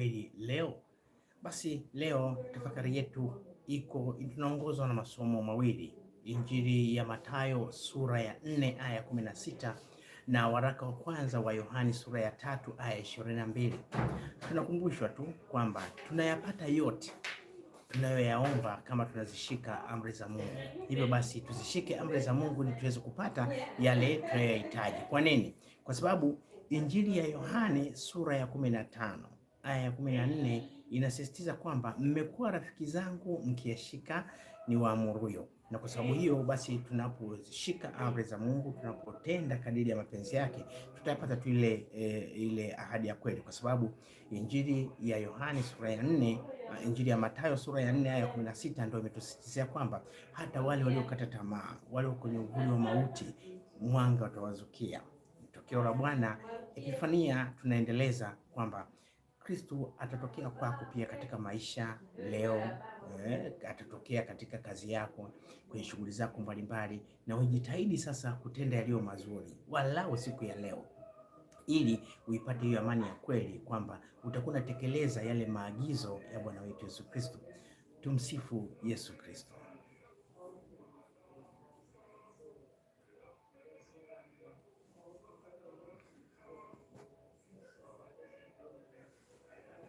kweli leo? Basi leo tafakari yetu iko tunaongozwa na masomo mawili, Injili ya Mathayo sura ya 4 aya 16 na waraka wa kwanza wa Yohani sura ya tatu aya 22. Tunakumbushwa tu kwamba tunayapata yote tunayoyaomba kama tunazishika amri za Mungu. Hivyo basi tuzishike amri za Mungu ili tuweze kupata yale tunayoyahitaji. Kwa nini? Kwa sababu Injili ya Yohane sura ya kumi na tano aya eh, ya kumi na nne inasisitiza kwamba mmekuwa rafiki zangu mkiyashika ni waamuruyo. Na kwa sababu hiyo basi, tunapozishika amri za Mungu, tunapotenda kadiri ya mapenzi yake, tutapata tu ile e, ile ahadi ya kweli, kwa sababu injili ya yohani sura ya nne, eh, injili ya Mathayo sura ya nne aya ya kumi na sita ndio imetusisitizia kwamba hata wale waliokata tamaa, wale kwenye uvuli wa mauti, mwanga utawazukia. Tokeo la Bwana Epifania tunaendeleza kwamba Kristo atatokea kwako pia katika maisha leo eh, atatokea katika kazi yako, kwenye shughuli zako mbalimbali, na ujitahidi sasa kutenda yaliyo mazuri walau siku ya leo, ili uipate hiyo amani ya kweli kwamba utakuwa unatekeleza yale maagizo ya Bwana wetu Yesu Kristo. Tumsifu Yesu Kristo.